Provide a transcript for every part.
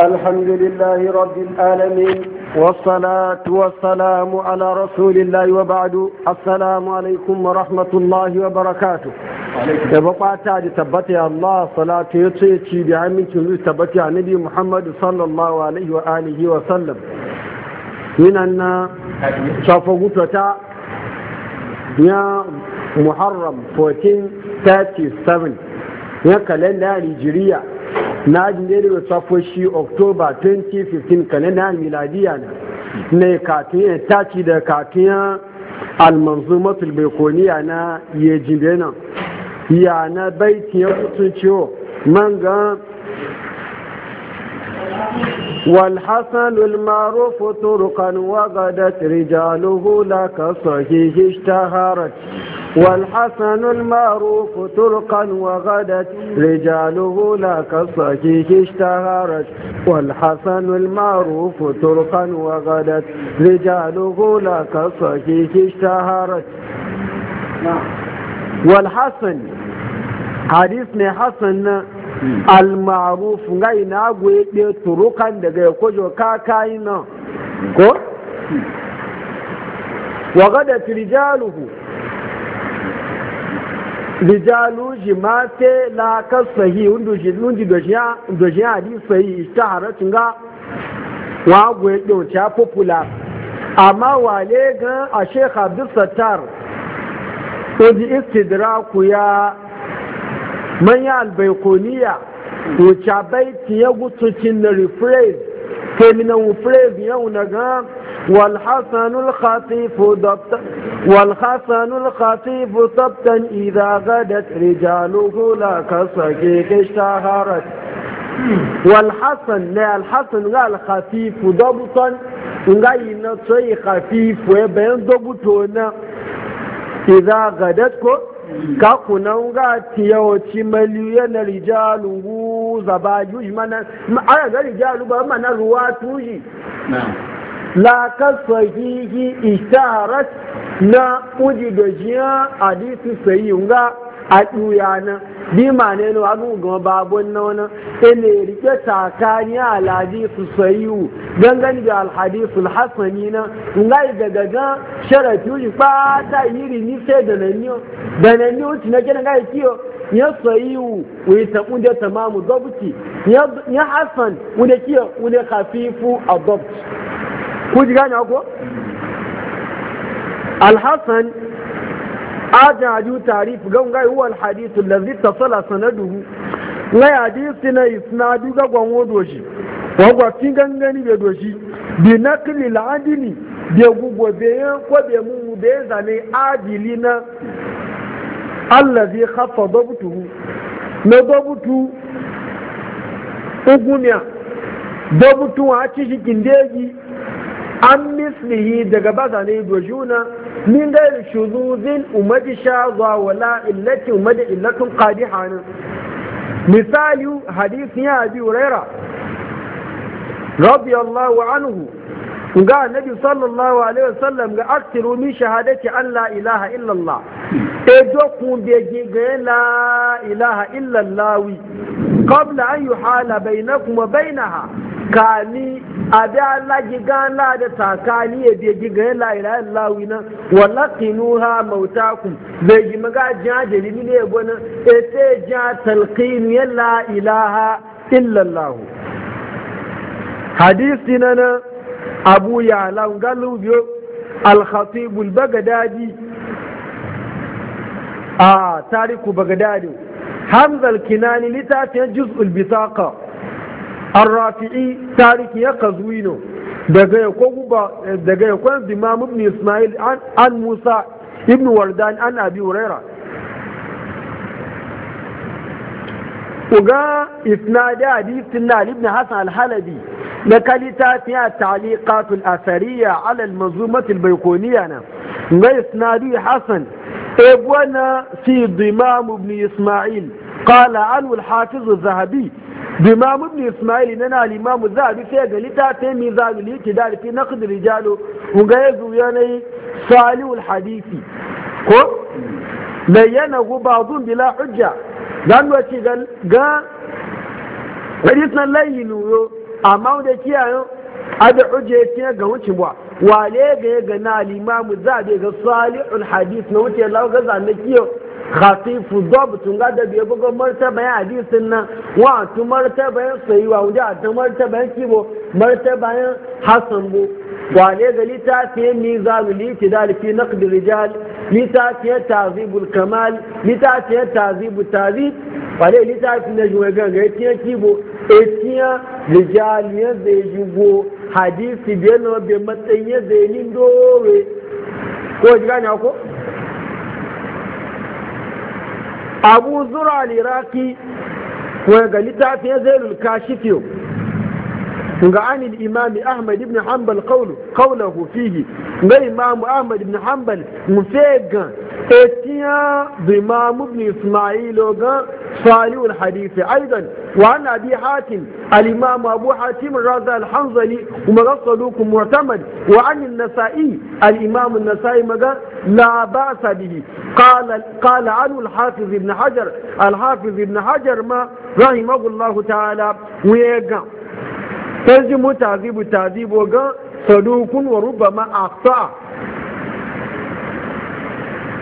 الحمد لله رب العالمين والصلاة والسلام على رسول الله وبعد السلام عليكم ورحمة الله وبركاته da bukata da tabbata ya Allah salatu ya ce ci da amincin zuwa tabbata ya nabi Muhammad sallallahu alaihi wa alihi wa sallam minan na shafa gutata ya Muharram 1437 ya kalenda na jinde da safoshi oktoba october 2015 kalendar miladiya na ne ya taci da ya almanzu baikoniya na ya jinde nan ya na baitiyar kutun ciwo man ga ga da طرقا la رجاله لك ta اشتهرت والحسن المعروف ترقا وغدت رجاله لا كالصحيح اشتهرت والحسن المعروف ترقا وغدت رجاله لا كالصحيح اشتهرت والحسن حديثنا حسن المعروف غاي ناغوي دي ترقا دغه كوجو كاكاي كو وغدت رجاله rijalu jimate la ka sahi wundu shi lunji da sahi ta haratun ga wago ya kyauta popular amma wale gan a sheikh abdul sattar oji ku ya manya albaikoniya wuce baiti ya cin na rephrase terminal rephrase yau na gan والحسن الخفيف ضبطا والحسن الخفيف ضبطا إذا غدت رجاله لك صديق اشتهرت والحسن لا الحسن قال خفيف ضبطا ngayi na tsayi khafifu ya bayan dobuto na idza gadat ko ka kunan ga tiyawo ci mali yana rijalu zabaju mana aya ga rijalu ba mana ruwa tuji la ka sahihi isharat na uji da jiya a disu sayi nga a ɗuya na bi ma ne no agun gan babon na wani ele rike takani al hadisu sayi gangan da al hadisu hasani na nga daga gan sharafi uji ba ta yiri ni sai da na yo da nan yo tina kenan ga kiyo ya sayiwu wani ta da tamamu dabti ya hasan wani kiyo wani kafifu a dabti ku ji gane ko alhassan ajaju tarif gan gai huwa alhadith allazi tasala sanaduhu na hadith na isnadu ga gwanwo doshi wa gwa gangani be doshi bi naqli aladili be gugo be ko be mu be zane adili na Allah allazi khaffa dabtuhu na dabutu ugumiya dabutu a cikin deji an mislihi daga baza ne dojuna min gairi shuzuzin sha shazwa wala illatin umaji illatun kadi ne misali hadith ya abi huraira radiyallahu anhu ga nabi sallallahu alaihi wasallam ga aktiru min shahadati an la ilaha illallah e dokun be ga la ilaha illallah qabla an yuhala bainakum wa bainaha kani abi Allah giga la da takani ya bi giga la ilaha illallah na walaqinuha mautakum bai gi maga da ni ne gwanin e sai ja talqin ya la ilaha illallah hadisi na na abu ya biyo al-khatib a ah, tariku baghdadi hamza kinani littafin juz'ul bisaqa An تارك يقزوينو daga ya daga ya kwan zimam ibn ismail an musa ibn wardan an abi huraira uga isnadi hadithin na ibn hasan al-halabi na kalita fiya ta'liqatul asariya ala al-manzumatil baykuniya na ga isnadi hasan ebwana fi zimam ibn ismail قال عنه الحافظ الذهبي بإمام ابن إسماعيل ننا الإمام الذهبي في قال تيمي ذهب الاعتدال في نقد رجاله وقال يعني صالح الحديث ko bayyana gubazun bila hujja zan wace ga hadisan layi nuyo amma da kiyayo ada hujja ya ga wucin ba wale ga ya na limamu za ga salihul hadis na wuce Allah ga zanne kiyo khatifu dabtun ga da biye bugo martaba ya hadisin nan wa tu martaba ya sayi wa wuda da martaba ya kibo martaba ya hasan bu wale ga litafi mizanul itidal na naqd rijal litafi ta'zibul kamal litafi tazibu ta'zib wale litafi na juwe ga ga tiya kibo etiya rijal ya zai jugo hadisi biye no be matsayin ya zai yi dore ko jiga ne ko abu zura liraki iraqi wani ga littafin zailul kashifiyo عن الإمام أحمد بن حنبل قوله قوله فيه الإمام أحمد بن حنبل مفيقا اتيا ضمام بن إسماعيل صالح الحديث أيضا وعن أبي حاتم الإمام أبو حاتم الرازى الحنظلي ومغصلوك معتمد وعن النسائي الإمام النسائي مغا لا بأس به قال قال عنه الحافظ ابن حجر الحافظ ابن حجر ما رحمه الله تعالى ويقام sai mu tazibu tazibu ga sadukun wa a aqta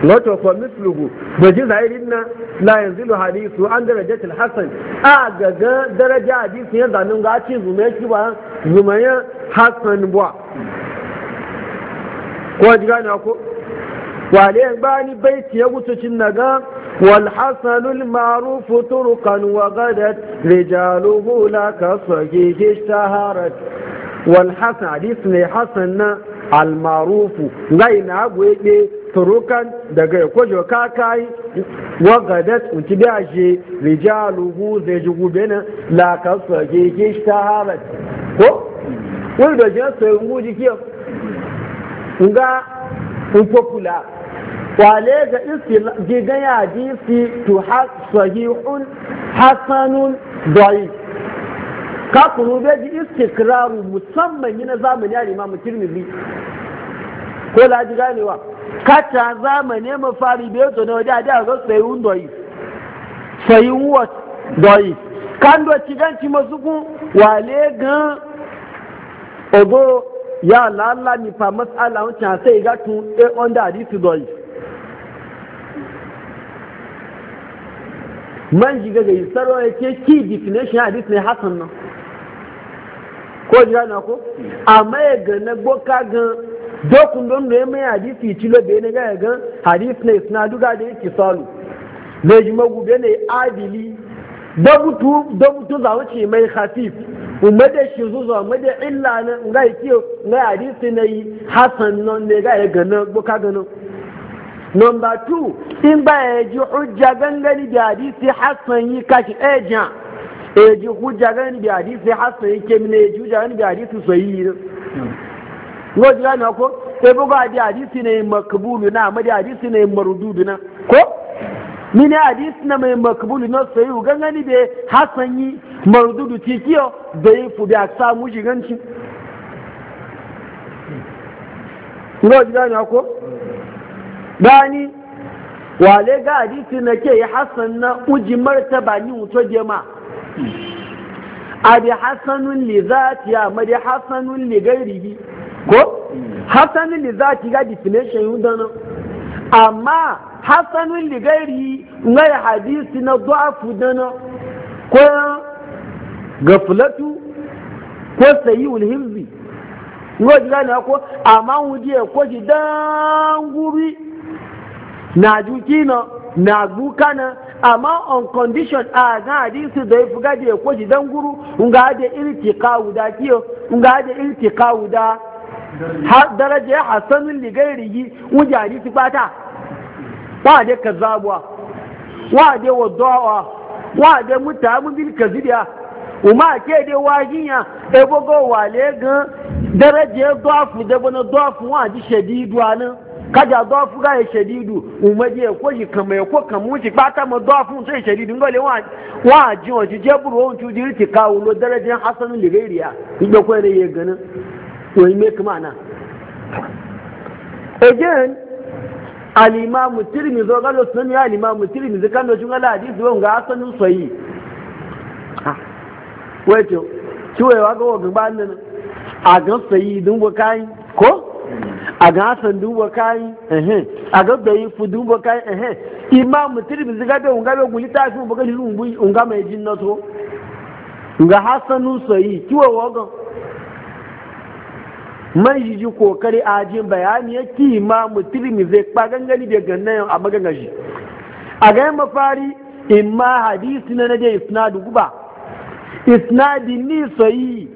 wato fa lugu, da ji zahirin na la yanzilu hadisu an daraja til hasan a ga ga daraja hadisu ya zanen, ga ci zume shi ba zumayen hasan buwa ko ji gane ko wale ba ni baiti ya wuce cin na ga. والحسن المعروف طرقا وغدت رجاله لك صحيح اشتهرت والحسن almarufu. حسن المعروف غين أبو turukan daga ya kwajo kakai wagadat unci da shi rijaluhu zai ji gube nan la kasuwa ke ko wani da shi soyin nga un popular wale ga isi gigan yaji fi tu sahihun hasanun dai ka kuru be ji kiraru musamman yi na zamani ya mutum ne ko la ji ganewa ka ta zamani ma fari be to na a da ga sayun dai sayun wat dai kan do ci gan ci mazuku wale gan ogo ya lalla ni fa mas'ala wancan sai ga tun e eh, on da hadisi dai man shiga ga isarwa ya ce ki definition hadis ne hasan nan ko jira na ko amma ya ga na boka gan dokun don da ya mai hadisi tilo bai na ga gan hadis ne suna duga da yake salu ne ji magube ne adili da mutu da mutu za wuce mai khafif umma da shi zuwa umma da illa na ga yake ga hadisi ne hasan nan ne ga ya ga na boka gan nan Number two, in ba ya ji hujja gangani da hadisi Hassan yi kashi ejan. Eh, ya ji hujja gangani da hadisi Hassan yi kemina ya ji hujja gangani da hadisi sayi. Ngo ji gani ko? Sai e buga da hadisi yi makbulu na amma da hadisi yi marududu na. Ko? Ni ne hadisi na mai makbulu na sayi gangani da Hassan yi marududu tikiyo da yi fudu a samu shiganci. Ngo ji gani ko? gani wale ga hadisi na ke hasan na uji martaba ni wuto jema abi hassanun li zati ya madi hassanun li gairihi ko hassanun li zati ga definition yi dana amma hassanun li gairihi ngai hadisi na du'afu dana ko ga filatu? ko sayi ulhimzi ngai gani ko amma wuje ko ji dan guri na juki na na guka na amma on condition a adi hadisi da ya fi gaji ya kwashi dan guru in ga da irtika wuda kiyo in ga da irtika wuda har daraja ya hasanin ligairigi wuja hadisi bata ba wa kazabuwa wa da wadawa wa da mutamin bil kazidiya uma ke de wajiya ebogo wale ga daraja ya dofu da bana dofu wa ji shadidu anan kaja dɔɔfu ka yɛ sɛdiidu umadi ya yi kama eko kama kpata ma dɔɔfu nso yɛ sɛdiidu nga wa wa adi wɔn jɛ buru wɔn tu diri ti ka wolo dɛrɛdɛ hasanu liberiya igbe ko yɛrɛ yɛ gana o yi mɛ kama na. again alimamu tirimizi ɔga lo alimamu tirimizi kan do adi a gan sɔyi dun bɔ a ga hasan duba kayi ehe a ga bayi fu duba kayi ehe imam tirmi ziga da unga be guli ta fi baga jiru unga mai jin na ga hasanu sayi kiwa wagan man jiji kokari a jin bayani ya ki imam tirmi zai kpa gangani da gannan a magangashi a ga yamma fari imma hadisi na na da isnadu guba isnadi ni sayi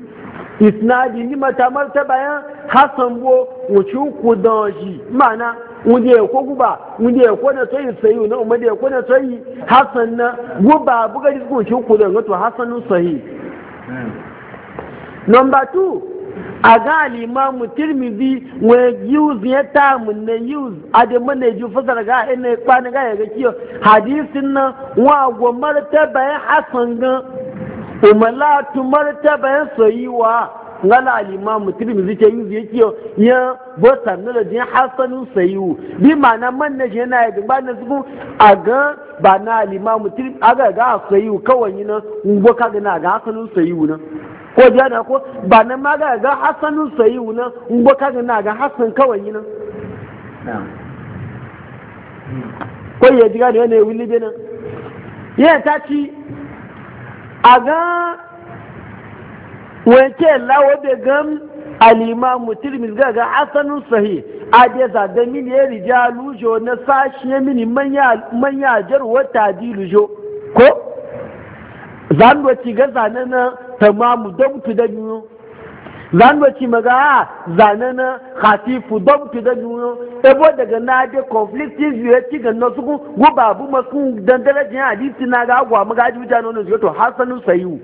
isnadi ni mata martaba ya hasan bo wuci ku dawaji mana wuje ya ko guba wuje ko na tsayi sayi na umma da ko na tsayi hasan na guba buga ji ku ci ku da to hasanun sahi number 2 a ga al-imam tirmidhi wa use ya ta mun na use adamu ne ju fasara ga ina kwani ga ya ga kiyo hadisin na wa go martaba ya hasan ga umalatu martaban sayiwa ngala alimamu tirmizi ce yuzu yake ya bota nuna jin hasanu sayiwu bi ma'ana man na je na yadda ba na zugu a ga ba na alimamu tirmizi a ga ga sayiwu kawai na ngbo ka ga na ga hasanu sayiwu na ko biya na ko ba na ma ga ga hasanu sayiwu na ngbo ka ga na ga hasan kawai na ko ya diga ne wani wili bena ya ta ci a ga wanke lawa da gan alimamu tirmis ga ga asanin sahi a da zaga mini ya rija lujo na sashi ya mini manya jarwa tadi lujo ko zan ci ga zane na tamamu don da biyu zan baci maga ah, zane na hati fudon fida da juyo ebo daga na de conflicting view ya ci ganna su guba babu masu dan darajin hadisi na ga agwa maga ji mutane wannan zuwa to hasanu sayu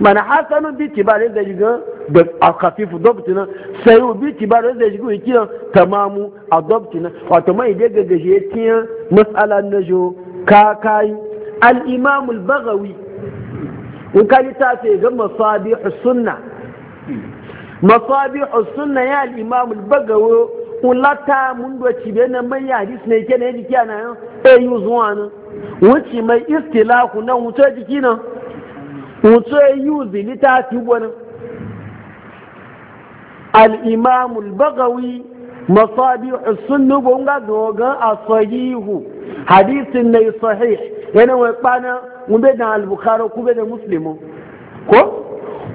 mana hasanu bi kibare da jiga da khatifu dabti na sayu bi kibare da jiga yake tamamu adabti na wato mai da ga gaje tiyan mas'ala na jo ka al'imamul al-imam al-baghawi in ka litafe ga masabihu sunnah masabihu sunna ya al-imam al-bagawi ulata mun do cibe na man ya hadis ne ke ne jiki ana yan e yu zuwa nan wuce mai istilahu nan wuce jiki nan wuce yu zilita ti gwanin al-imam al-bagawi masabihu sunna gonga dogan asahihu hadisin ne sahih yana wai kwana mun be da al-bukhari da muslimu ko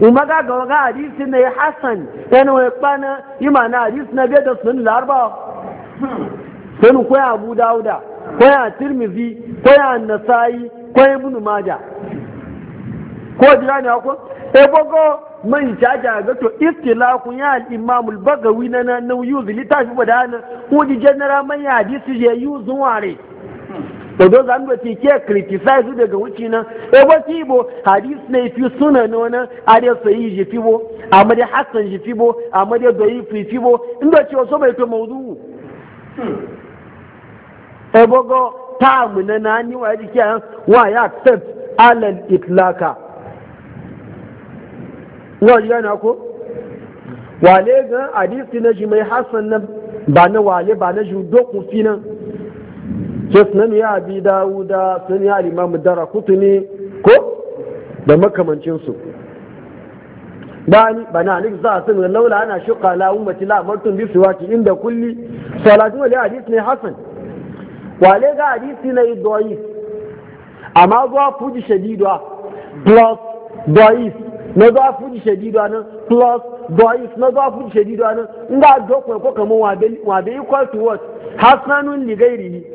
umaga ga ga wani hadisi ne hassan yana wani kwana imana hadisi na bai da sun larba sun koya abu dauda koya tirmizi koya nasayi koya ibnu maja ko jira ne ko e bogo man jaja ga to istilahu ya al-imam al-bagawi na yuzu litafi shi badana ko di general man hadisi je yuzun ware wato za mu ce ke criticize daga wuce nan e wati bo hadis ne fi suna ne wani ade yi ji fi bo amma hasan ji fi bo amma dai doyi fi fi bo inda ce wasu bai to mawdu e hmm. bogo ta mu na na ni wa ji an wa ya accept alal itlaka wa ji na ko wale ga hadisi na shi mai hasan na ba na wale ba na shi dokun fi nan ke sunan ya abi dawuda sun ya alimamu dara kutuni ko da makamancinsu bani bana alik za sun laula ana shuka la ummati la amartum bi siwaki inda kulli salatu wal hadith ne hasan wale ga hadisi ne doyi amma zuwa fuji shadidwa plus doyis na zuwa fuji shadidwa nan plus doyis na zuwa fuji shadidwa nan in ga dokon ko kaman wa bai equal to what hasanun li ghairihi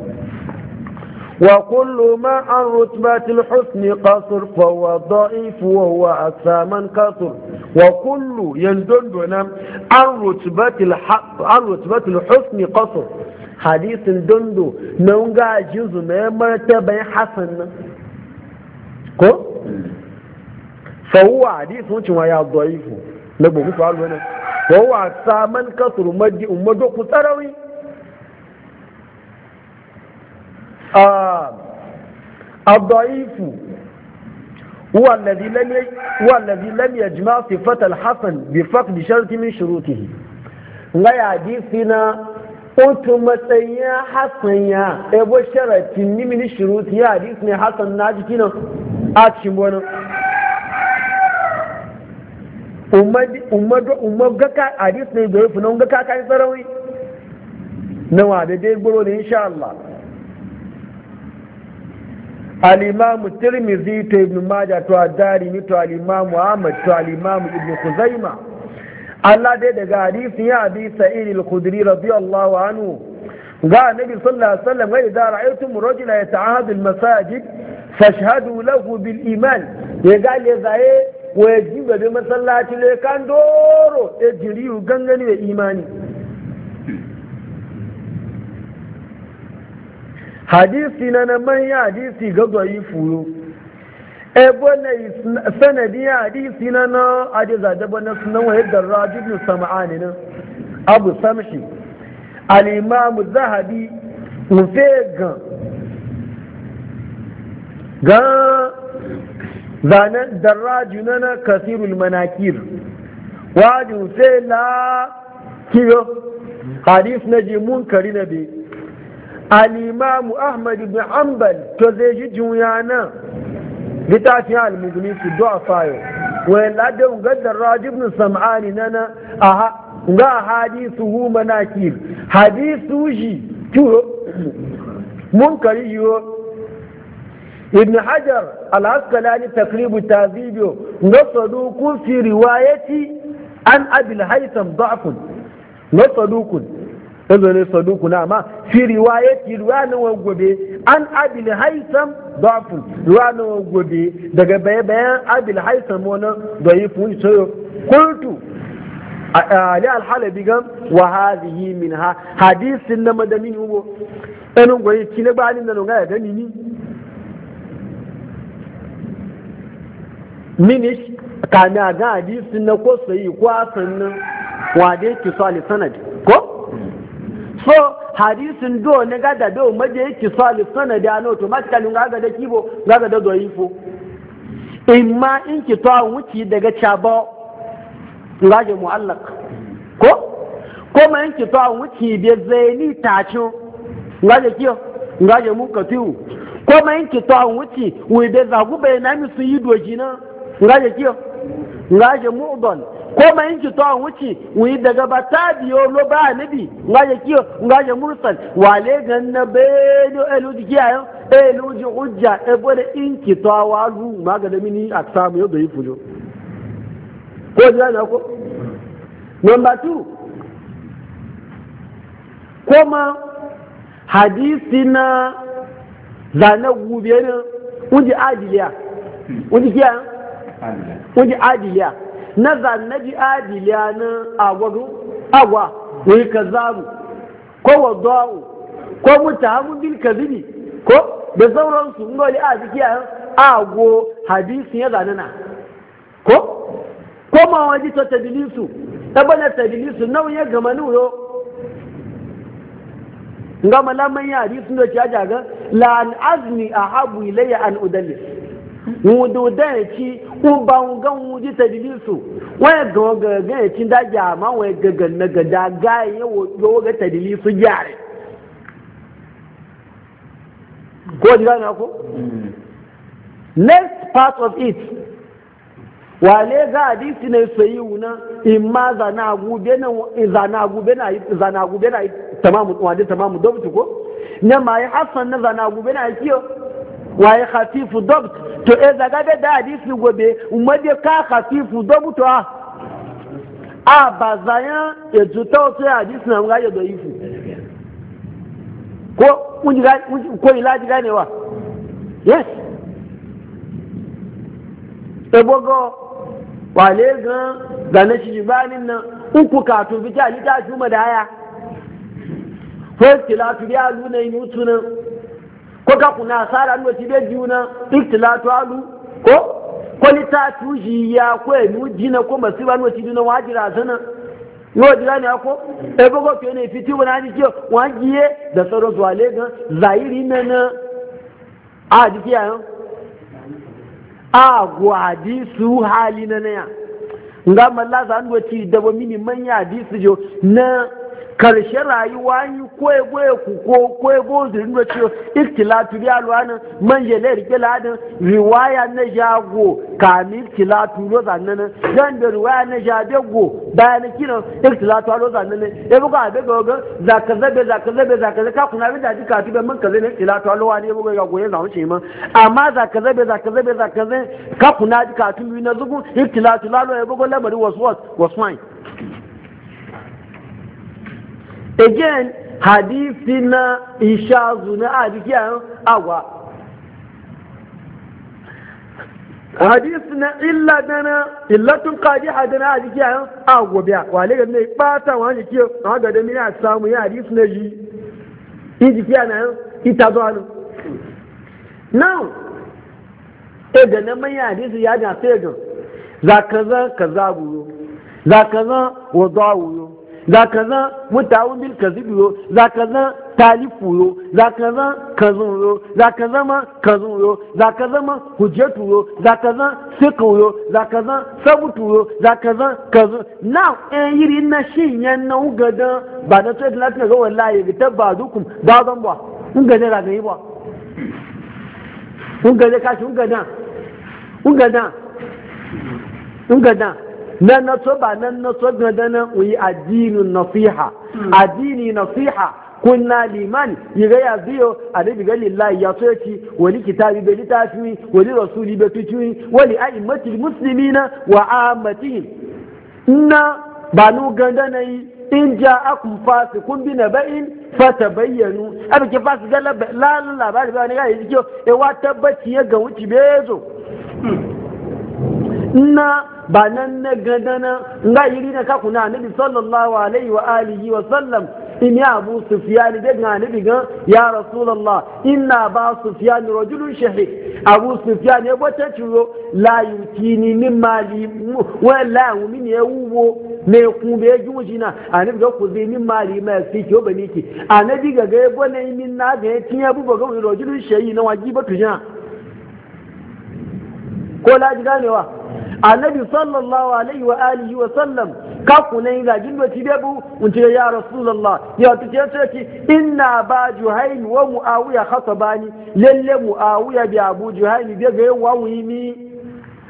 وكل ما عن رتبة الحسن قصر فهو ضعيف وهو أكثى من قصر وكل يندن دون عن رتبة الحق عن رتبة الحسن قصر حديث دندو نونغا جزء ما مرتبة حسن كو فهو حديث وانت ويا ضعيف نبغى فعل وهو أكثى من قصر مدي أمدو قصروي الضعيف هو الذي لم هو الذي لم يجمع صفة الحسن بفقد شرط من شروطه لا يعديسنا otu matsayin hasan ya ebo sharatin nimini shuruti ya hadis ne hasan na jiki nan a cikin wani umar gaka hadis ne da ya fi nan gaka kan sarawi na wa da dai gboro da insha Allah alimamu tirmidhi to ibnu maja to adarimi to alimamu ahmad to alimamu ibnu khuzaima allah dai daga hadisi ya abi sa'id al-khudri radiyallahu anhu ga nabi sallallahu alaihi wasallam wai da ra'aytum rajula yata'ahad al-masajid fashhadu lahu bil iman ya ga le zaye ko ya jibe masallaci le kan doro e jiriu gangani be imani hadisi na na manya hadisi ga zoyi fuyo ebo na sanadi hadisi na na ajiye daba na sunan wahid da rajibin sama'ani na abu samshi alimamu zahabi nufe gan zane zanen darraju na na kasirul manakir wajin sai la kiyo hadis na je kari na biyu الإمام أحمد بن حنبل تزيجي جويانا لتاتي على المغنيس الدعاء فايو وإلا دون قدر راجي بن سمعاني نانا أها وغا حديثه مناكير حديثه جي تو منكر يو ابن حجر العسقلاني تقريب التعذيب نصدوك في روايتي عن أبي الهيثم ضعف نصدوك نصدوك ne saduku na amma fi riwayati ruwanin gobe an abil haisam dafu ruwanin gobe daga bayan abil haisam wani da'ifun soyo kultu ali alhalabi gan wa hadhihi minha hadisin na madamin ubo ɗanin goyi ki na bani na nunga ya gani ni minish kami a ga hadisin na ko sayi ko asan nan wa dai ki so alisanadi so hadisin do na gada do maje yake salif sanadi an automatically ga ga da kibo ga ga da doyifo imma in ki to wuci daga chaba ga je muallaq ko ko ma in ki to wuci be zaini tacho ga je kiyo ga je mukatiu ko ma in ki to wuci we be zagu be na mi su yi doji na ga je kiyo ga je mu'dal ko ma yin to an wuce wuyi daga ba ta biyo lo ba nabi nga ya kiyo nga ya mursal wale gan na be do eluji elu eluji hujja e bode in ki to wa lu ma ga da mini aksamu yo yi fujo ko da na ko number 2 koma hadisi na zane gobe ne wuji adiliya wuji hmm. kiyayo wuji adiliya na zannabi adiliya na agwagu agwa wai ka zamu ko wadda'u ko mutahamun bil kadhibi ko da sauransu in gole a jiki a ago hadisi ya na ko ko ma waji tabilisu ta bane tabilisu na ya gama nuro nga malaman ya sun da jaja ga la an azni ahabu ilayya an udallis wudu da ya ci un ba un gan wuji ta dilisu wani gawa gaga ya ci daji amma wani gaga na gada gaya yawo ga ta su gyare ko ji na ko mm. next part of it wa wale ga hadisi ne sayi wuna I ma zana gube na zana gube na zana gube na tamamu wadin tamamu dabtu ko ne ma yi hasan na zana gube na kiyo waye khafifu dabt to e daga da hadisi gobe umma de ka khafifu dabt a a bazaya ya juta wato hadisi na ga ya daifu ko ga ko ilaji wa yes e bogo wale gan gane shi jibanin nan uku to bi ta ni ta shuma da haya ko tu ya lu yi mutuna ko ka kuna asara nwa ti be juna iktilatu alu ko ko tuji ya ko enu jina ko masiba nwa ti duna wajira sana yau jira ne ko, e gogo ke ne fiti wani ji ke wajiye da tsaro zuwa legan zahiri na na a jiki yayin a gwadi su hali na na ya nga malla za nwa da ba mini manya hadisu jo na karshe rayuwa yi ko ya goye ku ko ko ya goye zirin da ciwo iktilatu ya alwanin man jele rike ladin riwaya na jago kami iktilatu lo zannan dan da riwaya na jadego bayan kina iktilatu lo zannan ya buga abe ga ga zaka zabe zaka zabe zaka zaka kuna bi da dika tibe man kaze ne iktilatu lo wani ya buga ga goye zawo ce man amma zaka zabe zaka zabe zaka zabe ka kuna dika tumi na zugu iktilatu lalo ya buga labari wasu wasu wasu again hadisi na ishazu na ajiki a agwa hadisi na illa dana illatun kaji na ajiki a agwa biya wale ga mai bata wa jiki na ga da mina samu ya hadisi na yi ijiki a na ita zuwa nan now e ga na mai hadisi ya na fegan za kaza kaza buru za kaza wa zuwa wuro za ka zan mutawun bil kazibi yo za ka zan talifu yo za ka zan kazun yo za ka zama kazun yo za ka zama hujjatu yo za ka zan siku yo za ka zan sabutu yo za ka zan kazun na ɗan eh, yiri na shin yan na ugadan ba na tsoye tilatin ga wallahi ga tabba zukum ba zan ba ugadan za ka yi ba ugadan kashi ugadan ugadan ugadan na naso ba nan na so dana uyi addinin nasiha addini nasiha kunna liman yiga ya biyo alibi ga lillahi ya so wani kitabi bai litafi wani rasuli bai fitui wani a'immatil muslimina wa na ba nu ganda na yi in ja akun fasi kun bi na ba'in fata bayyanu abin ke fasi ga labarin labari ba ne ga yi e wa tabbaci ya ga wuce bezo. na ba nan na gadana nga yiri na kaku na nabi sallallahu alaihi wa alihi wa sallam in ya abu sufiyani da ga nabi ga ya rasulullah inna ba sufiyani rajulun shahid abu sufiyani ya bata ciro la yutini min mali wa la min ya wuwo me ku be jujina anabi ga ku zai min mali ma fi ki ni ki anabi ga ga bone min na ga tinya bu ga rajulun shahid na wajiba tuja ko la ji ganewa annabi sallallahu alaihi wa alihi wa sallam ka kunai ga jindo ti debu ce ya rasulullah ya tuce ce inna ba juhail wa muawiya khatabani lalle muawiya bi abu juhail bi ga yawa wimi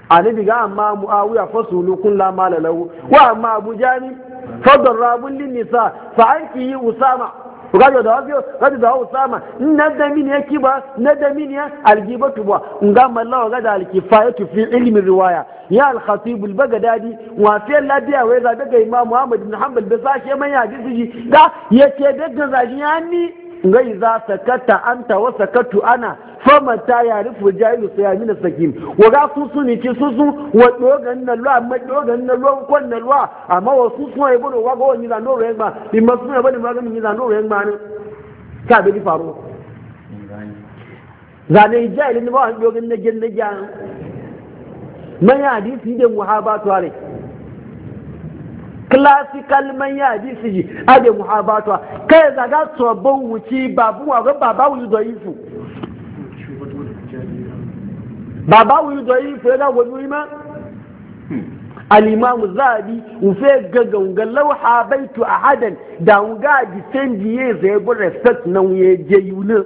annabi ga amma muawiya fasulu kullama lalahu wa amma abu jani fadarrabun lin nisa fa anki usama gajo da wafiyo gajo da sama na da min ya kiba na da min ya algiba tuba nga mallawa ga da alkifayatu fi ilmi riwaya ya al-khatib al-baghdadi wa fi ladiya wai ga daga imam muhammad bin hanbal da sa man ya ji da yace daga zaji ya ni ngai za sakata anta wa sakatu ana fama ta ya rufu jayu su ya mina sakim wa ga su su ni ci su su wa dogan na lo amma dogan na lo kon na lo amma wa su su ai bodo wa go ni zan yi re ma bi ma su na bani ma ga ni zan no re ma ne ka be di faru zane jahilin ba wa dogan na gen na ja man ya hadisi da muhabatu alai classical man ya hadisi ji ade muhabatu kai zaga tsobon wuci babu wa ga baba wuci da su. bàbá wo ìjọ yìí fẹ́ láwọn ojú ìmọ̀ alimamu zabi ufe gagan ga lauha baitu ahadan da unga ji canji ye zai bi respect na ya je yuna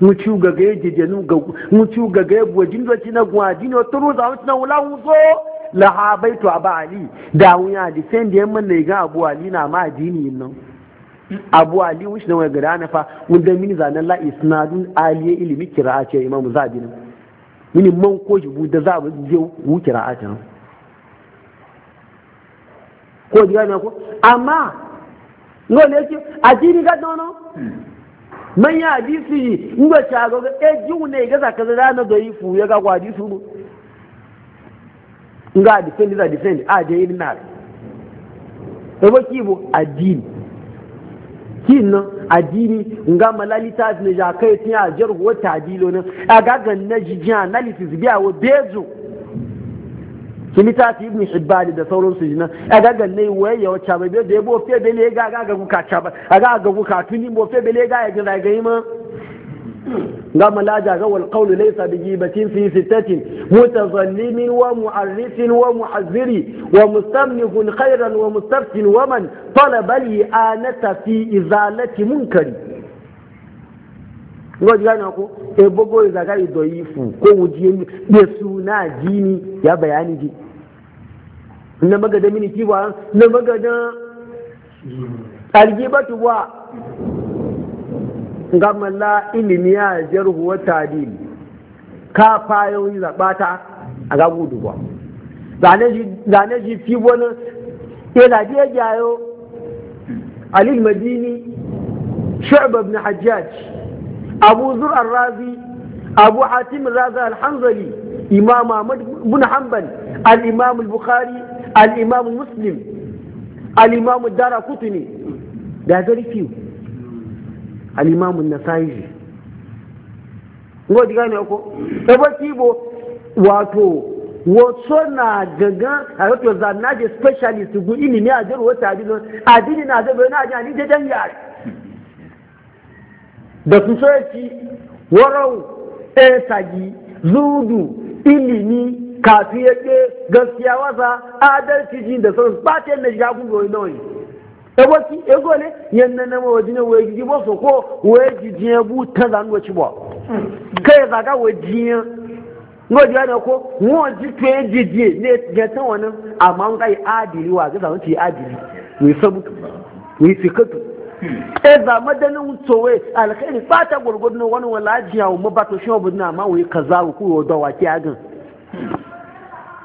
mutu ga ga je je nu ga mutu ga ga bo jin do na gwa jin o turu za na wula wuzo laha baitu aba ali da ya ji canji yan man ne ga abu ali na ma dini nan abu ali wuce na wai gada na fa mun da mini zanen la isnadun Aliyu ilimi kira ce imamu zabi nan mini man ko bu da za a je wuce ra'atin ko ji gane ko amma ngo ne ki ni ga dono man ya hadisi ngo ta ga e jiwu ne ga ka da na doyi fu ya ga kwa hadisi mu nga defend za defend a je ni na ko e ki bu addini kinna addini nga malalita ne ja kai tin a jar go dilo ne aga ga jiya jin analysis biya wo bezu kimita ti ibn hibban da sauran su jina aga ga ne waye ya wacce ba da yabo fe le ga ga ga ku ka ba aga ga ku ka tuni bo fe le ga ya ga ga ma ga malaja ga wal qawl laysa bi gibatin fi sittatin mutazallimin wa mu'arrifin wa muhazziri wa mustamnihun khayran wa mustaftin wa man talaba li anata fi izalati munkari ngo jana ko e eh, bogo ido yifu ko wuji ni yesu na jini ya bayani ji na magada mini kiwa na magada algibatu wa gama la ilimi ya jarhu wa tadil ka fayon zabata a ga gudu ba zane shi fi wani ila biya jayo alil madini shu'ba ibn hajjaj abu zur razi abu hatim razi al-hanzali imam ahmad ibn hanbal al-imam al-bukhari al-imam muslim al-imam ad-darqutni da very few alimamun na sayi ngo diga ne ko e ba kibo wato wato na gaga a yato za na je specialist gu ilimi a jar wata adini adini na zaba na ajani da dan yare da su soyaci warau e sagi zudu ilimi kafi yake gaskiya wasa adalci jin da sauransu ba ta yadda shiga kun ne ebo ti ego ne yanna na waje ne waje bo so ko waje jiye bu ta zan wace bo kai za ga waje ngoji ana ko mo ji pe jiji ne ga tan wannan amma an kai adili wa ga zan ci adili wi sabu wi fikatu e za madanin tsowe alkhairi fata gurgurnu wani wala jiya mu ba to shobu na ma wi kaza wu ku da waki agan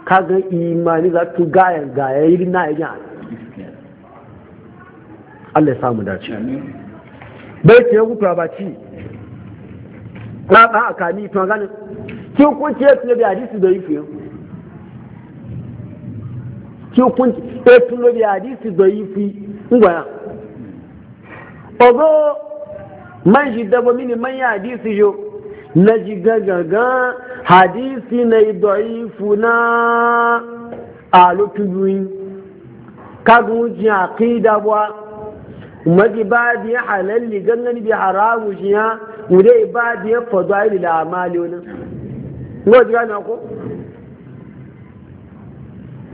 ga imani za tu gaya gaya irin na yin Allah ya samu dace bai ce gutuwa ba ci ba ba a kani tun ganin kin kun ce su bi hadisi da yifi kin kun ce su bi hadisi da yifi ngwaya ogo man ji dabo mini man ya hadisi yo na ji gagaga hadisi na yi da idoifu na alukubuyi kagun ji aqida wa maji ba ya halalli gangan bi haramu shi ya wude ba ya biya fadaili yi amali wani ngo ji gane ko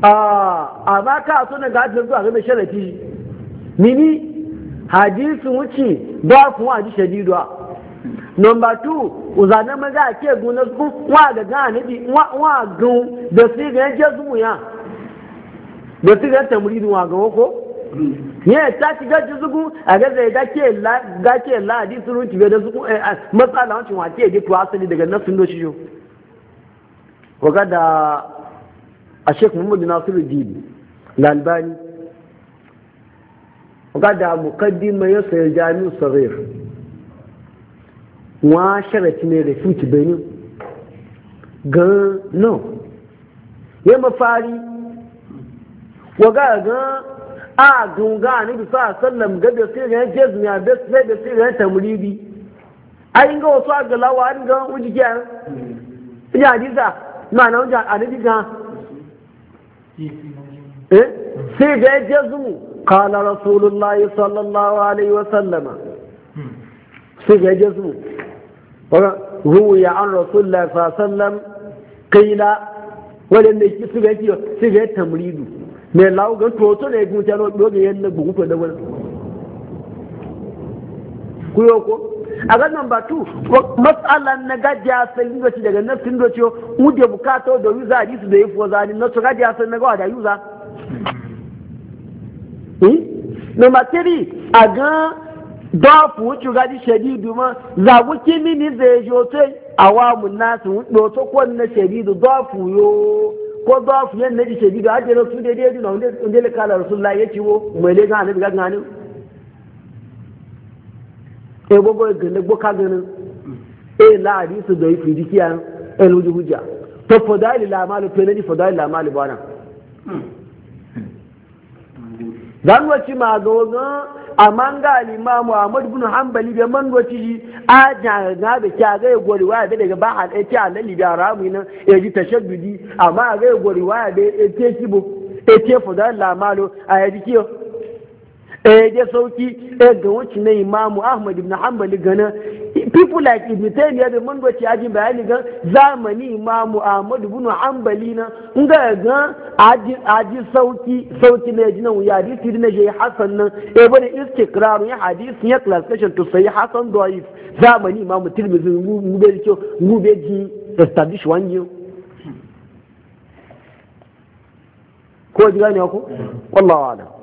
a ba ka so na gajin zuwa game sharafi mini hadisi wuce ba kuma a ji shadidwa Nomba tu, uzane maza ake na su wa ga gane bi wa gun da su ga jazumu ya da su ga tamridin wa ga ko ye ta ci gaji zugu a ga zai gake la gake la di suru da zugu eh, eh, matsala wancin wa ke gitu asali daga nafsin do shijo ko ga da a Sheikh Muhammad Nasiru Dini Lalbani ko ga da muqaddima ya jami'u sarir wa sharati ne da futi benin ga no ya mafari wa ga ga a dunga ni bisa sallam ga da sai ga jezu ne da sai da sai ga tamridi ai ga wasu a galawa an ga wuji ke an ina hadisa ma na wuji a nabi ga eh sai ga jezu qala rasulullah sallallahu alaihi wa sallama sai ga jezu ruwiya an rasulullah sallallahu alaihi wa sallam qila wanda ne ki su ga ki su ga tamridu mai laugan toto ne gun tano doge yan na da wani kuyo ko a ga number 2 matsalan na gajiya sai yi daga nafsin doci ude bukata da yuza a jisu da yi fuwa zani na su gajiya sai na gawa da yuza namba 3 a ga dafu wuce gaji shadidu ma zagu kimi ni zai jote awamun nasu doto kwanne shadidu dafu ko ba su yan na jike biyu da hajjiyar su daidai yadda wanda ya kala rasulullah ya ciwo mai lega hannun ga ganin e eh, gogo gane gboka ganin e eh, la'adi su da yi fi jikiya wuji eh, hujja to fadali lamalu to ne fadali lamalu ba nan. Hmm. Hmm. Zanwaci ma ga amma ga alimamu a madubin hambali bai man doci a jana da kya zai gori waya da daga ba a ɗaya a lalli da ramu nan ya ji tashaddudi amma zai gori waya da ya ce kibo ya ce fudar lamalo a yaji kiyo ya eh, sauki eh, ga wuce na imamu ahmad ibn hanbali gana people like ibn taymiyyah da mun doci ajin bayani gan zamani imamu ahmad ibn hanbali na ga ga aji aji sauki sauki na jina wu ya hadisi na je hasan nan e eh, bane istiqraru ya hadisi ya classification to sai hasan daif zamani imamu tirmidhi mu be ko mu be ji establish one year ko ji gane ko mm. wallahi alam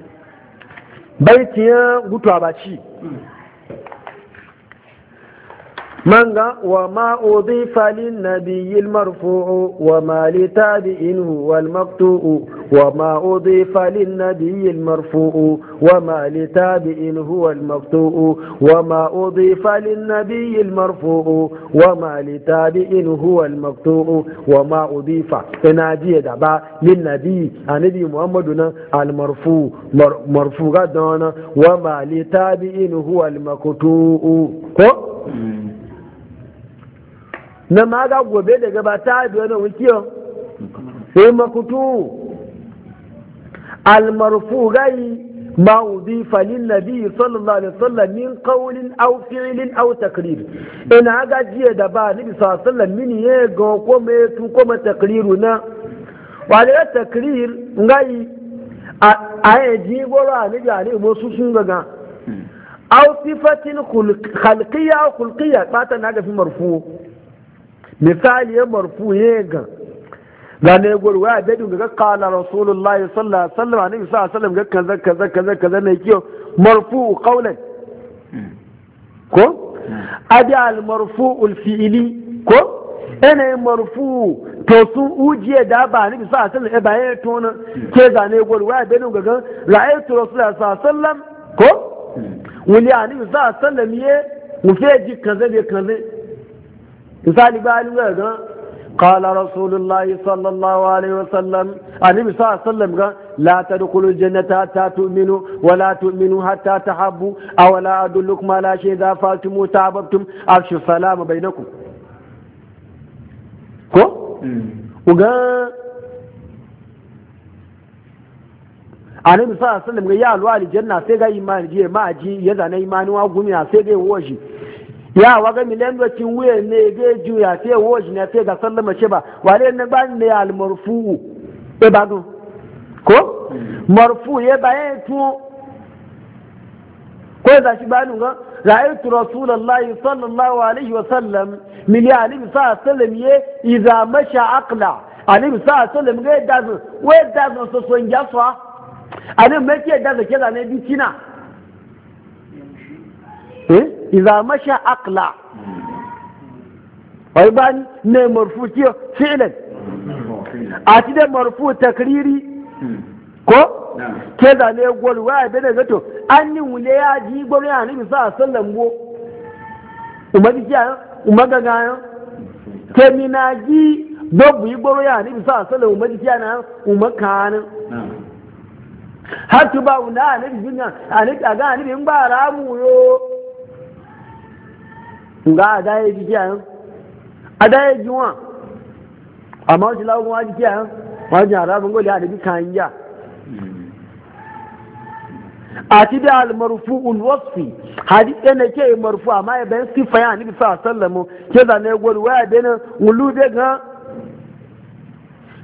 baitiyan gutuwa ba ci manga wa ma udifa lin nabiyil marfu'u wa ma li tabi'in huwa al maqtu'u wa ma udifa lin nabiyil marfu'u wa ma li tabi'in huwa al maqtu'u wa ma udifa lin nabiyil marfu'u wa ma li tabi'in huwa al maqtu'u wa ma udifa ina jiya da ba lin nabi annabi muhammadu nan al marfu marfu ga dana wa ma li tabi'in huwa al maqtu'u ko hmm. na maga gobe da gaba ta da wani wikiyo sai makutu almarfu gai ma udifa falin nabi sallallahu alaihi wasallam min qawlin aw fi'lin aw takrir ina ga jiya da ba nabi sallallahu alaihi wasallam min ye go ko me tu ko ma takriru na wale takrir ngai a ye ji goro a nabi ali mo su sun ga aw sifatin khalqiyya khalqiyya ba ta na ga fi marfu misali ya marfu ya ga ne gwarwa ya dadin ga kala rasulullahi sallallahu alaihi wasallam annabi sallallahu alaihi wasallam ga kaza kaza kaza kaza ne kiyo marfu qaulan ko adi al marfu ulfi'ili ko ene marfu to sun ujiye da ba annabi sallallahu alaihi wasallam e ya tona to na ke zane gwarwa ya dadin ga ra'aytu rasulullahi sallallahu ko hmm. wuli Ani sallallahu alaihi ya ye mu ji kaza ne kaza misali bayan zai ga Kala rasulullahi sallallahu alaihi wasallam annabi sallallahu alaihi wasallam ga la tadkhulu jannata hatta tu'minu wa la tu'minu hatta ta tahabbu aw la adullukum ala shay'in idha fa'altum ta'abbtum afshu salama bainakum ko hmm. uga annabi sallallahu alaihi wasallam ga ya alwali janna sai ga imani jiya ma a ji ya zana imani wa gumiya sai ga woshi ya waga miliyan dokin wuya ne ga juya te woji ne te ga sallama ce ba wale ne ba ne almarfu e ba do ko marfu ye ba ye tu ko da shi ba nu ga ra'aytu rasulullahi sallallahu alaihi wa sallam miliyan bi sa sallam ye idza masha aqla ali bi sa sallam ga da zo we da zo so so njafa ali me ke da ke da ne eh iza masha aqla wai ni ne marfu kiyo fi'lan a ti da marfu takriri ko ke da ne gwal waya da zato? an ni wule ya ji gwal ya ni bisa sallan san umadi kiya umaga ga ke mi na ji dobu yi gwal ya ni bisa sallan umadi kiya na umakanin har tu ba wuna a nabi duniya a nabi a ga nabi in ba ramu yo nga adaye ji kiyayen adaye ji wa amma wasu lagun waji kiyayen wajen arabin gole a da kayan ya a ti da almarfu ulwasfi hadi yana ke e marfu amma ya e bayan sifa ya ni bisa sallamu ke zane gwal waya da yana wulu da ga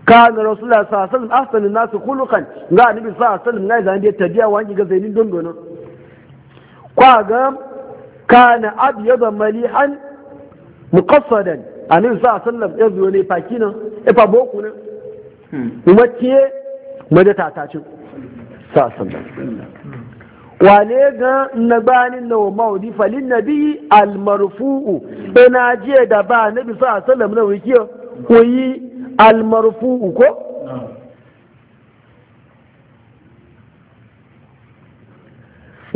kan rasulullah sallallahu alaihi wasallam ahsanun nasu khuluqan ga ni bisa sallam ga zane da tabiya wani ga zainin dondono kwa ga kana abyada malihan muqassadan anin sa sallam ya zo ne faki nan ya fa boku nan kuma ce maje tatacin sa sallam wane ga nabanin na wa maudi falin nabi almarfu'u ina je da ba nabi sa sallam na wikiyo koyi almarfu'u ko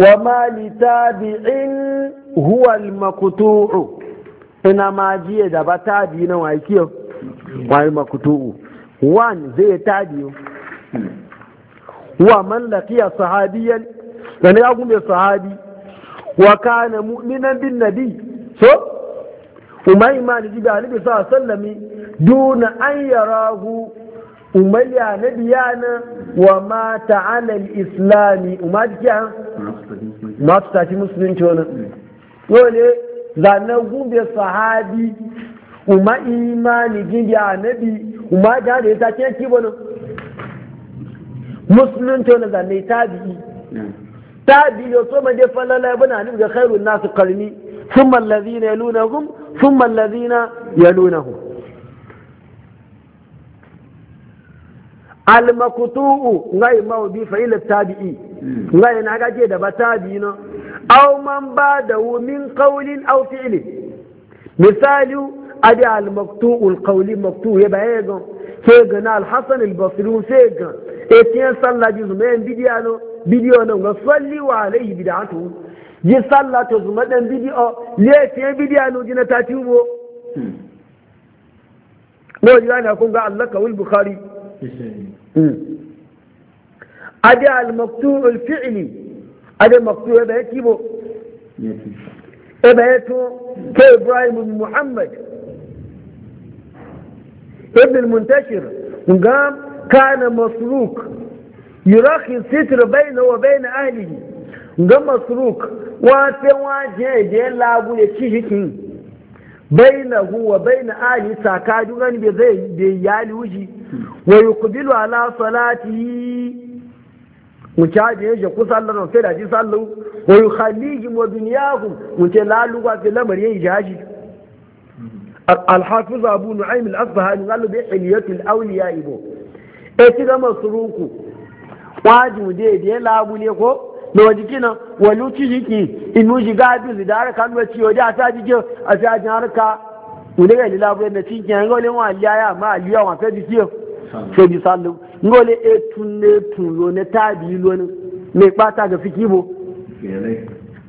وما لتابع هو Makutu'u, ina ma jiya da ba tabi na wakiyo wani Makutu'u, wan zai tabi wa man laqiya sahabiyan dan ya gumbe sahabi wa kana mu'minan bin nabi so umay ma ji da alibi sallami duna an yarahu umayya nabiyana wa mata ala al-islami umayya ma su tafi musulunci wani dole zanen gube sahabi umma imani gindi annabi umma da ya ta ke kibo nan musulunci wani zanen tabi'i tabi'i yau so ma dai falala ibn hanif ga khairun nasu karni ثم الذين يلونهم ثم الذين يلونهم almakutu'u ngai ma bi fa'ila tabi'i ngai na gaje da ba tabi'i no aw man ba da min qawlin aw fi'li misali adi almaktu'u alqawli maktu ya bayego ke ga na alhasan albasri sai ga etiyan sallah zuma en bidiya no bidiyo no ga salli wa alaihi bid'atu ji sallah zuma dan bidiyo le tiyan bidiya no jina tatiwo hmm. no ji ana kun ga allaka wal bukhari أدي المقطوع الفعلي أدي المقطوع بيتيبو إبهيتو كإبراهيم بن محمد ابن المنتشر وقام كان مسروق يراخي الستر بينه وبين أهله وقام مسروق واتوا جاي جاي لابو يتشيشكين Baina wa baina ahli sakaju gani bai zai bai yali wuji wa yuqbilu ala salatihi mutaje ya ku sallar na sai da ji sallu wa yukhalihim wa dunyahum mutaje lalu ga fi lamari yayi jaji al-hafiz abu nu'aym al-asbahani qalu bi hiliyatil awliya ibo e ti ga masruku wajibu dai labu ne ko da waje kina walu ci jiki inu ji ga bi da harka nwa ci a ta jike a ta jin harka wani ga lila bu yadda cikin yan gole wa aliya ma aliya wa ta jike sai ji sallu ngole e tun ne tun lo ne ta bi lo ne bo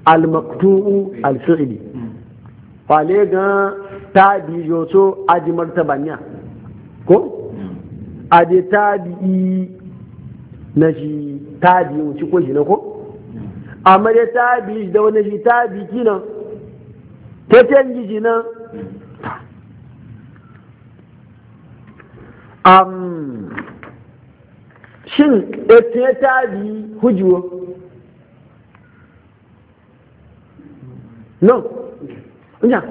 al maqtu'u al fi'li hmm. wale ga ta bi jo ko aje ta bi na shi ta ko na ko amma da ta bi da wani shi ta bi kinan ta canji shi nan am shin ita ta bi hujuwa no wujan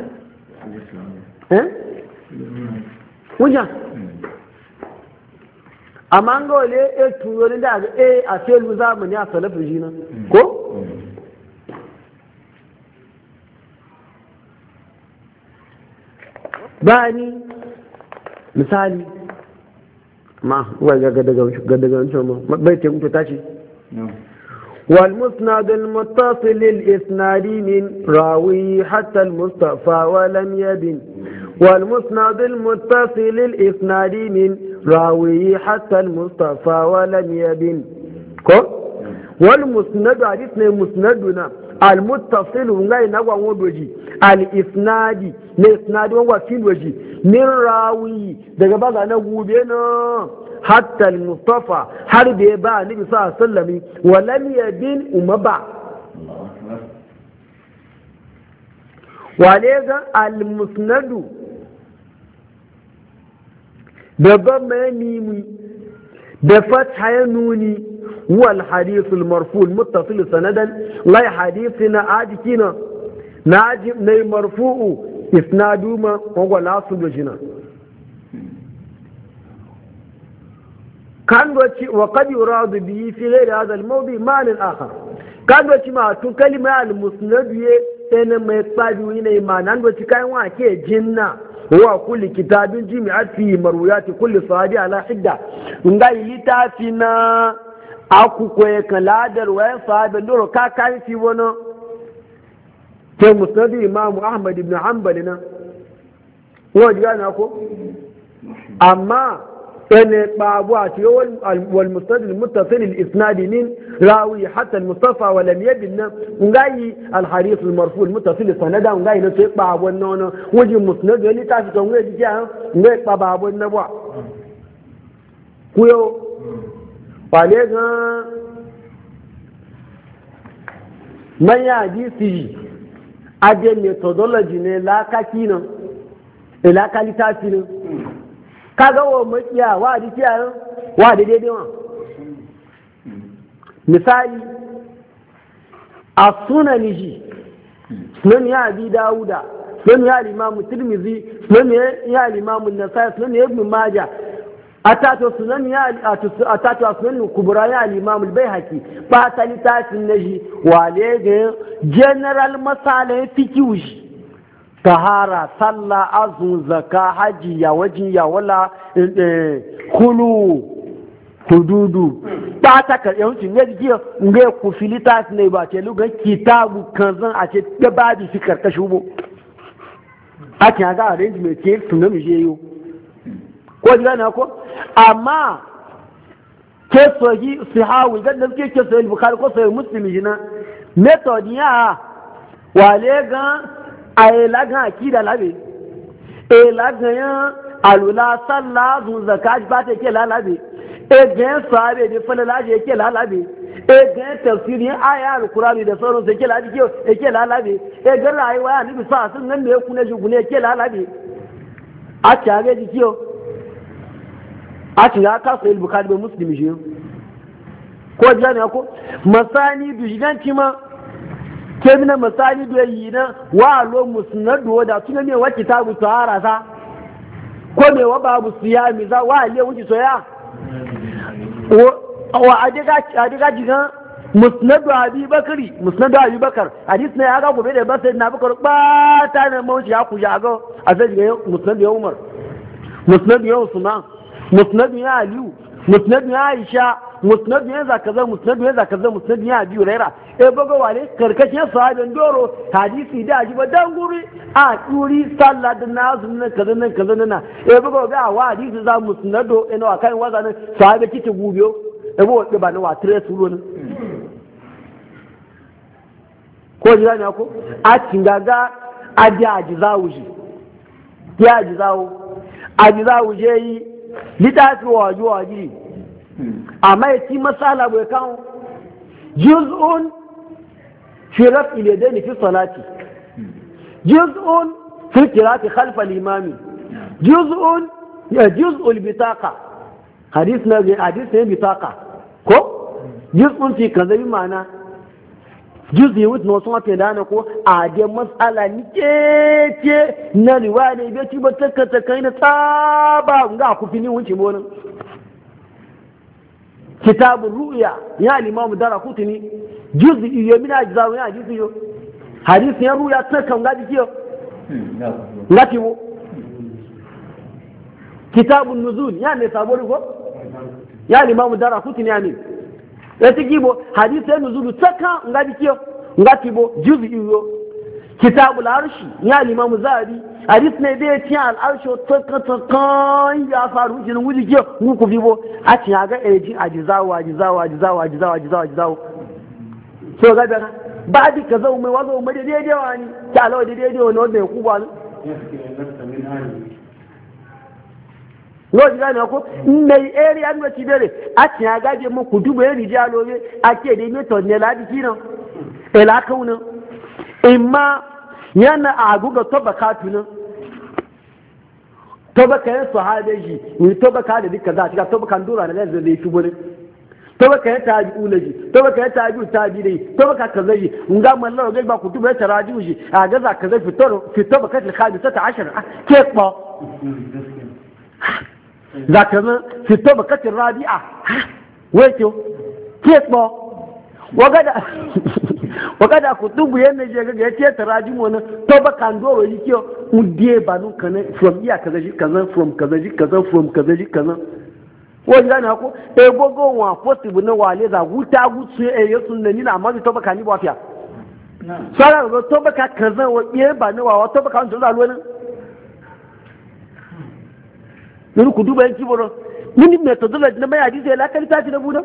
eh wujan amma ga wale e eh, turo da a eh, a felu zamani a salafin shi nan mm. ko ni misali ma wai ga daga wancan ma bai ke mutu tashi والمسند المتصل الإسناد من راوي حتى المصطفى ولم يبن والمسند المتصل الإسناد من rawiyi hasan mustafa walam yabin ko wal musnadu hadith ne musnaduna al muttasil ngai na gwa wodoji al isnadi ne isnadi wa fil waji min rawi daga baga na gube na hatta al mustafa har da ya ba nabi sallallahu alaihi wasallam walam yabin umaba wale ga al musnadu da ban mai nimi da fata ya nuni wal hadithul marfu muttasil sanadan lai hadithina na ajikina na ajib na marfu'u isnadu ma wa la jina. kan doci wa qad yuradu bi fi ghairi hadha al mawdi ma'an akhar kan doci ma tu kalima al musnad ye tana mai tsadi ne ma nan doci kai wa ke jinna wa kulli kitabin jimi'at fi marwiyati kulli sahabi ala hidda ngai litafi na akuko ya kaladar wa sahabi doro ka kai fi wono ke musnad imam ahmad ibn hanbal na wa diga na ko amma يعني بابوات والمستند المتصل الاسناد من راوي حتى المصطفى ولم يبن نغاي الحريص المرفوع المتصل السندا نغاي نتي بابو نونو وجي مسند اللي تاسي تو نغاي جي نغاي بابو نبوا كيو فاليغا من سي أدي ميثودولوجي ne lakaki nan, ilakalitafi nan, kaga wa makiya wa da kiyayen wa da daidai wa misali a suna niji sunan ya bi dawuda sunan ya limamu tirmizi sunan ya limamu nasai sunan ya bi maja atato sunan ya atato sunan kubura ya limamu albayhaqi ba ta litafin naji wale ga general masalai fikihu tahara sallah azun zaka haji ya waji ya wala eh, eh, kulu tududu ba ta ka karɓe ci ne da jiya ne ku filita ne ba ce lugan kitabu kan zan a ce da bi fi karkashin bo a ce ga arrangement ke tunan mu je yo ko ji gane ko amma ke soji sihawi ga da ke ke soji bukhari ko soji muslimi jina method ya wale gan a yi lagan da labe e lagan ya alula sallah zu zaka ba ta ke lalabe e gan sahabe da falala je ke lalabe e gan tafsirin aya alqur'ani da sauran sai ke lalabe ke e ke lalabe e gan rayuwa ya nabi sa sun nan me kuna ji gune ke lalabe a ta ga ji kiyo a ta ga ka sai bukhari da muslim ji ko jani ko masani dujigan ma ke mina misali da yi na wa alo lo duwa da tuna me wacce ta bu tahara sa ko me wa babu mi za wa le wuce soya wa adiga adiga jigan musnadu abi bakari musnadu abi bakar hadis na ya ga gobe da basai na bakar ba ta ne mawuci ya ku ya ga a zai ga musnadu ya umar musnadu ya usman musnadu ya aliyu musnadu ya aisha musnadu ya zakaza musnadu ya zakaza musnadu ya biyu raira e bago wale karkashin sahabin doro hadisi da aji ba dan guri a turi sallah da nazu nan kaza nan kaza nan e bago ga wa hadisi za musnadu ina e, wa kan wazan nan sahabe kici gubiyo e bago ba na wa tire suru nan ko jira ne ko a cingaga aji aji zawuji ya aji zawo aji wuje yi litafi wa waji waji amma ya ci matsala bai kawo juz'un fi raf'i yadaini fi salati juz'un fi qira'ati khalfa al-imami juz'un juz'ul bitaqa hadith na zai hadith ne bitaqa ko juz'un fi kaza bi ma'ana juz'i wut no sun ta dana ko a ga matsala ni ke ke na riwaya ne bai ci ba takka takai na tsaba ga ku fini wuce bonin كتاب الرؤيا يا الإمام دار قطني جزء يمين أجزاء يا جزء يو حديث يا رؤيا تكم غادي كيو غاتيو كتاب النزول يا نسابوري كو يا الإمام دار قطني يعني يتجيبو حديث النزول تكم غادي كيو غاتيو جزء يو كتاب العرش يا الإمام زادي hadis ne bai ci al'arsho takatakan ya faru jinin wuji ke muku bibo a ci ga ejin ajizawa ajizawa ajizawa ajizawa ajizawa ajizawa so ga da ba di ka zau mai wazo mai daidai wa ni ta alawa daidai wa ne wanda ya kuba ni lọ́ọ̀dì lánàá kó nnẹ̀ eré àmì ọtí bẹ̀rẹ̀ àti àgájẹ mọ kùdùmọ̀ èrì jẹ́ alóore àti èdè mẹ́tọ̀ ne ẹ̀ láti kí náà ẹ̀ lákàwọn náà ìmá yana a guga tabaka tunan tabaka yin sahabe ji ni tabaka da duka za a shiga tabakan dora da ya zai shigo ne tabaka ya tabi ula shi tabaka ya tabi tabi dai tabaka ka zai in ga mallar ga ba tuba ya ji ji, a ga za ka zai fitar fitar baka ta khamisa ta a ke ba za ka zai fitar baka ta rabi'a wai ke ke ba da wa kada ku dubu yanda je ga yace tarajum wani to ba kan do wani kiyo mu die ba nu kana from iya kaza ji kaza from kaza ji kaza from kaza ji kaza wani gane ko e gogo wa na wale za guta gutsu e yesu na ni na ma to ba kan ba fiya sara to ba ka kaza wa ye ba ni wa to ba kan to za lo ne ku duba yanki boro mini methodology na mai hadisi ya ta tashi na budan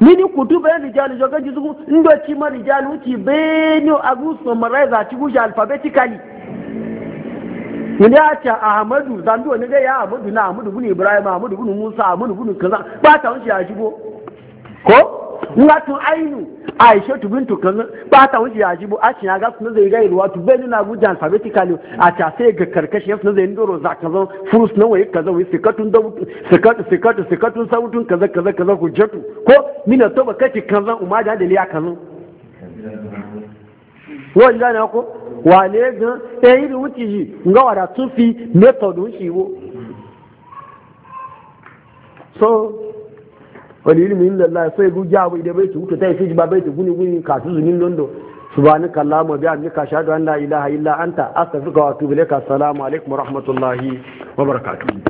mini kutu bayan rijalu joga jizugu ndo ci ma rijalu uci benyo agu summarize a cikin shi alphabetically wani ya ce ahmadu zandu wani ga ya ahmadu na ahmadu bin ibrahim ahmadu bin musa ahmadu bin kaza ba ta wani shi a shigo ko nga tun ainu aisha tu bintu kan ba ta wuce ya jibo a cin ga kuma zai gairi wato bai nuna guja alphabetically a ta sai ga karkashi ya zai ndoro za ka zan furus na waye kaza wai sikatun da sikatu sikatu sikatun sautun kaza kaza kaza hujjatu ko mina to ba kace kan zan umma da dalili ya kan wani gane ko wane ga ɗaya eh, yi wuce yi ga wada tun fi method wuce wo so walilmi illa Allah sai ruja bai da bai tuku ta fi ba bai tuku guni guni ka su zunin londo subhanaka allahumma bi amrika shahadu an la ilaha illa anta astaghfiruka wa atubu ilaika assalamu alaikum wa rahmatullahi wa barakatuh